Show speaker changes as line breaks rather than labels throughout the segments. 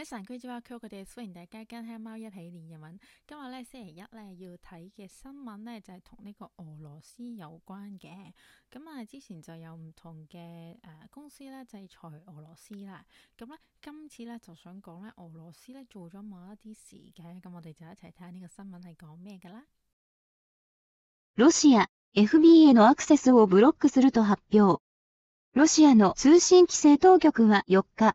啲神居之外，佢哋歡迎大家跟黑貓一起練日文。今日咧星期一咧，要睇嘅新聞咧就係同呢個俄羅斯有關嘅。咁啊，之前就有唔同嘅誒公司咧就係制裁俄羅斯啦。咁咧，今次咧就想講咧俄羅斯咧做咗某一啲事嘅。咁我哋就一齊睇下呢個新聞係講咩噶啦。
ロシア FB のアクセスをブロックすると発表。ロシアの通信規制當局は4日。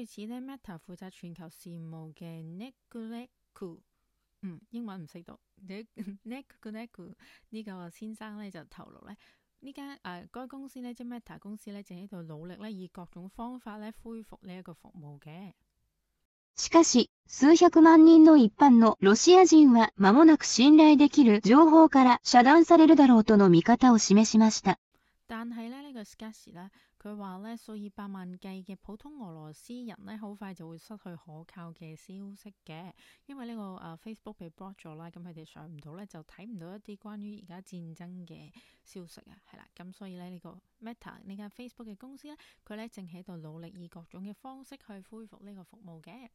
開始咧，Meta 負責全球事務嘅 Nick Gulegu，嗯，英文唔識讀，Nick Gulegu 呢個先生咧就透露咧，呢間誒該公司咧即 Meta 公司咧正喺度努力咧以各種方法咧恢復呢一個服務嘅。
しかし、數百萬人の一般のロシア人はまもなく信頼できる情報から遮斷されるだろうとの見方を示しました。
但係咧呢個しかし咧。佢話咧，數以百萬計嘅普通俄羅斯人咧，好快就會失去可靠嘅消息嘅，因為呢、呢個誒、呃、Facebook 被 block 咗啦，咁佢哋上唔到咧，就睇唔到一啲關於而家戰爭嘅消息啊，係啦，咁所以咧呢、呢個 Meta 呢間 Facebook 嘅公司咧，佢咧正喺度努力以各種嘅方式去恢復呢個服務嘅。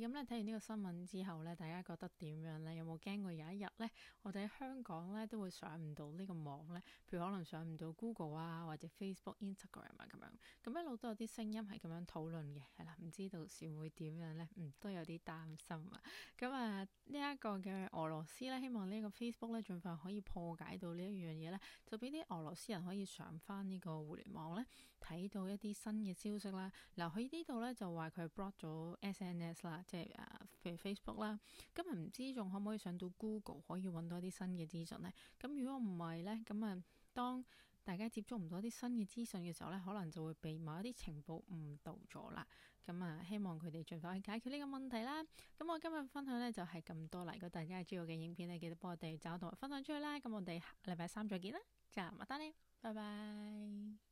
咁咧睇完呢個新聞之後咧，大家覺得點樣咧？有冇驚過有一日咧，我哋喺香港咧都會上唔到呢個網咧？譬如可能上唔到 Google 啊，或者 Facebook、Instagram 啊咁樣。咁一路都有啲聲音係咁樣討論嘅，係啦，唔知道是會點樣咧？嗯，都有啲擔心啊。咁、嗯、啊，呢、這、一個嘅俄羅斯咧，希望個呢個 Facebook 咧盡快可以破解到一呢一樣嘢咧，就俾啲俄羅斯人可以上翻呢個互聯網咧。睇到一啲新嘅消息啦，嗱喺呢度咧就話佢 block 咗 SNS 啦，即係啊，Facebook 啦，今日唔知仲可唔可以上到 Google 可以揾到啲新嘅資訊咧，咁如果唔係咧，咁啊當大家接觸唔到啲新嘅資訊嘅時候咧，可能就會被某一啲情報誤導咗啦，咁啊希望佢哋盡快去解決呢個問題啦，咁我今日分享咧就係咁多啦，如果大家係鍾意嘅影片咧，記得幫我哋找同分享出去啦，咁我哋禮拜三再見啦，再見，麥打你，拜拜。